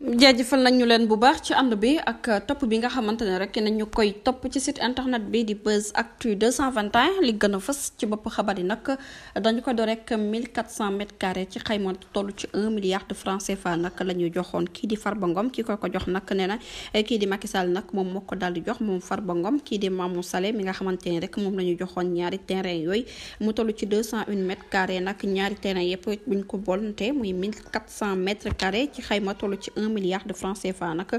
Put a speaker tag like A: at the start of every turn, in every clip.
A: jaajëfal nañ ñu leen bu baax ci ànd bi ak topp bi nga xamante ne rek nañ ñu koy topp ci site internet bi di Buzz Actu 221 li gën a fës ci bopp xabar yi nag dañu ko door rek 1400 mètres carrés ci xayma toll ci 1 milliard de francs CFA nag la ñu joxoon kii di Farba Ngom kii ko ko jox nag nee na eh, kii di Macky Sall nag moom moo ko daal di jox moom Farba Ngom kii di Mamou Saleh mi nga xamante ne rek moom la joxoon ñaari terrain yooyu mu toll ci 201 mètres carrés nag ñaari terrain yëpp buñ ko bolante muy 1400 mètres carrés ci xayma toll ci un milliard de francs CFA nag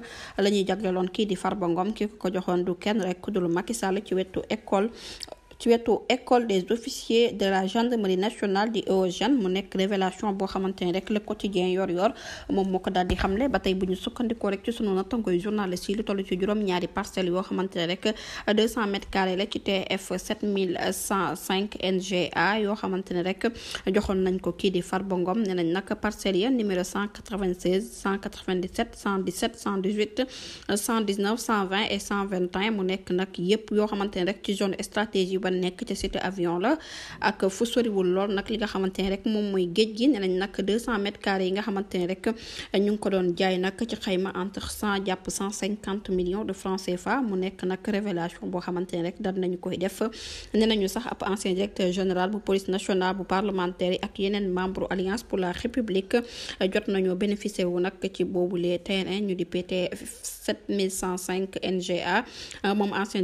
A: la ñuy jagleloon kii di Farba Ngom kii ko joxoon du kenn rek ku dul Macky Sall ci wetu école ci wetu école des officiers de la gendarmerie nationale di EOGEN mu nekk révélation boo xamante ni rek le quotidien yor yor moom moo ko daal di xamle ba tey bu ñu sukkandikoo rek ci sunu nattangooy journaliste yi lu toll ci juróom-ñaari parcelle yoo xamante ne rek 200 mètres carrés la ci TF 7105 NGA yoo xamante ne rek joxoon nañ ko kii di Farba Ngom ne nañ nag parcelles cent numéro 196 197 117 118 119 120 et 121 mu nekk nag yëpp yoo xamante ne rek ci zone stratégie ba nekk ca cité avion la ak fu soriwul lool nag li nga xamante ni rek moom mooy géej gi ne nañ nag 200 yi nga xamante rek ñu ngi ko doon jaay nag ci xayma entre jàpp 150 de francs CFA mu nekk nag révélation boo xamante rek dal nañu koy def ne nañu sax ab ancien directeur général bu police nationale bu parlementaire yi ak yeneen membre alliance pour la république jot nañoo bénéficier wu nag ci boobu les terrain ñu di PT NGA moom ancien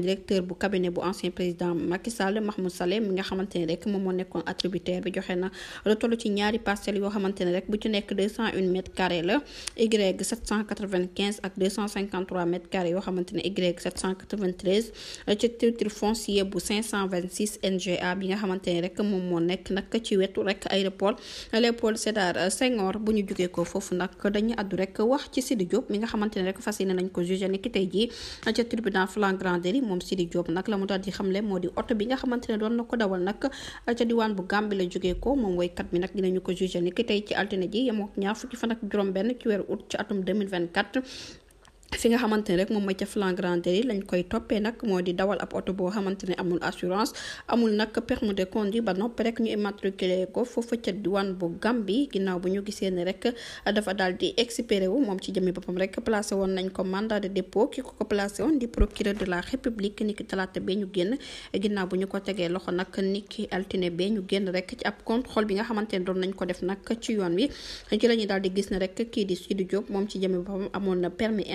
A: Sall Mahmoud Saleh mi nga xamante ne rek moom moo nekkoon nekk 201 Y 795 ak 253 mètres carrés yoo xamante ne Y 793 euh, ci titre foncier bu 526 nga xamante ne rek moom moo wetu rek aéroport Léopold Sédar Senghor bu ñu ko foofu nag dañu addu rek wax ci Sidi Diop mi nga xamante rek fas nañ ko jugé ni ki tey jii tribunal flagrant délit moom Sidi Diop nag la mu daal di xamle moo di oto bi bi nga xamante ne doon na ko dawal nag ca diwaan bu Gàmbi la jógee ko moom kat mi nag dina dinañu ko jugé ni ki tey ci altine ji yemook ñaar fukki fan ak juróom benn ci weeru août ci atum 2024 fi nga xamante ne rek moom mooy ca flagrante yi lañ koy toppee nag moo di dawal ab oto boo xamante ne amul assurance amul nag permis de conduire ba noppi rek ñu immatriculé ko foofa ca diwaan bu Gambie ginnaaw bu ñu gisee ne rek dafa daal di expiré wu moom ci jëmmi boppam rek placé woon nañ ko mandat de dépôt ki ko ko placé woon di procureur de la république niki talaata bee ñu génn ginnaaw bu ñu ko tegee loxo nag niki altine bee ñu génn rek ci ab contrôle bi nga xamante ne doon nañ ko def nag ci yoon wi ci la daal di gis ne rek kii di Sidi Diop moom ci jëmmi boppam amoon na permis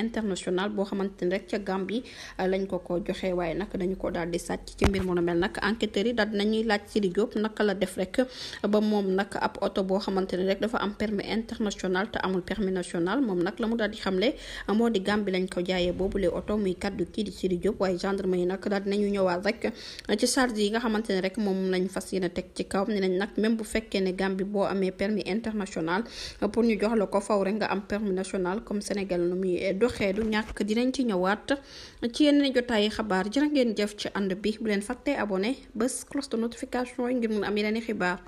A: national boo xamante ni rek ca Gambie uh, lañ ko ko joxe waaye nag dañu ko daal di sàcc ci mbir mu nu mel nag enquêteurs yi daal dinañuy laaj Sidi Diop naka la def rek ba moom nag ab oto boo xamante ni rek dafa am permis international te amul permis national moom nag la mu daal di xamle moo di Gambie lañ ko jaayee boobule oto muy kaddu kii di Sidi Diop waaye gendarme yi nag daal dinañu ñëwaat rek ci charge yi nga xamante ne rek moom lañ fas yéene teg ci kawam ne nañ nag même bu fekkee ne Gambie boo amee permis international pour ñu jox la ko faw rek nga am permis national comme Sénégal nu muy doxee du ñàkk dinañ ci ñëwaat ci yeneen jotaayi xabaar jërë ngeen jëf ci ànd bi bu leen fàttee abonné bés cloche de notification yi ngir mun am yeneen i xibaar